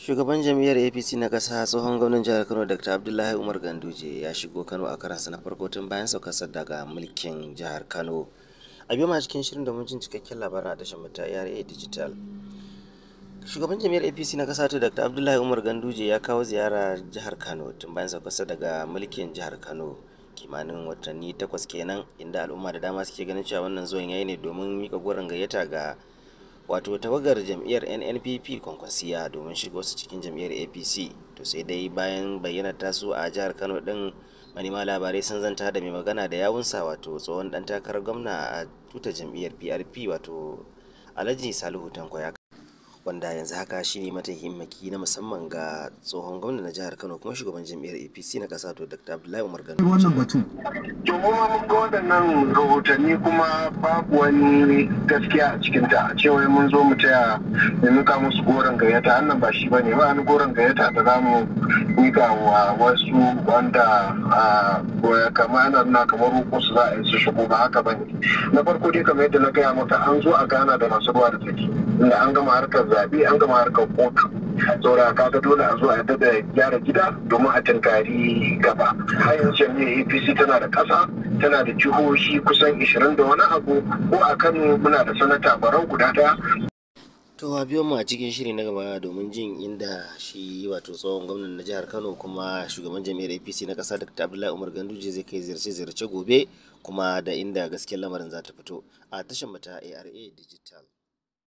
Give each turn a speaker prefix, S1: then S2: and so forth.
S1: shugaban jam'iyyar apc na ƙasa tsohon gwamnan jihar kano dr abdullahi umar ganduje ya shigo kano a karansa na farko tun bayan saukarsa daga mulkin jihar kano a biyu cikin shirin domin jin cikakken labarin a tashar mata yara digital shugaban jam'iyyar apc na ƙasa to dr abdullahi umar ganduje ya kawo ziyara jihar kano tun bayan saukarsa daga mulkin jihar kano kimanin watanni takwas kenan inda al'umma da dama suke ganin cewa wannan zuwan yayi ne domin mika gurin gayyata ga wato tawagar jam'iyyar nnpp kwankwasiya domin shigo su cikin jam'iyyar apc to sai dai bayan bayyana tasu a jihar kano din manema labarai sun zanta da mai magana da yawunsa wato tsohon dan takarar gwamna a tuta jam'iyyar prp wato alhaji salihu tanko wanda yanzu haka shine ne mataimakin na musamman ga tsohon gwamna na jihar kano kuma shugaban jam'iyyar apc na kasa to dr abdullahi umar gano wannan batun to mun ga waɗannan rahotanni kuma babu
S2: wani gaskiya a cikinta a cewa mun zo mu taya mu musu goron gayyata annan ba shi bane ba ni goron gayyata da za mu mika wa wasu wanda kamar nuna kamar roƙo su za a yi su shigo ba haka bane na farko dai kamar yadda na gaya maka an zo a gana da masu ruwa da tsaki inda an gama harkar zaɓe an gama harkar kotu saura ga dole a zuwa yadda da gyara gida domin a tankari gaba har yanzu jami'ar apc tana da ƙasa tana da jihohi kusan 20 da wani abu ko a kano muna da sanata barau guda daya
S1: to a biyo mu a cikin shiri na gaba domin jin inda shi wato tsohon gwamnan na jihar kano kuma shugaban jami'ar apc na kasa dr abdullahi umar ganduje zai kai ziyarce-ziyarce gobe kuma da inda gaskiyar lamarin za ta fito a tashar mata ara digital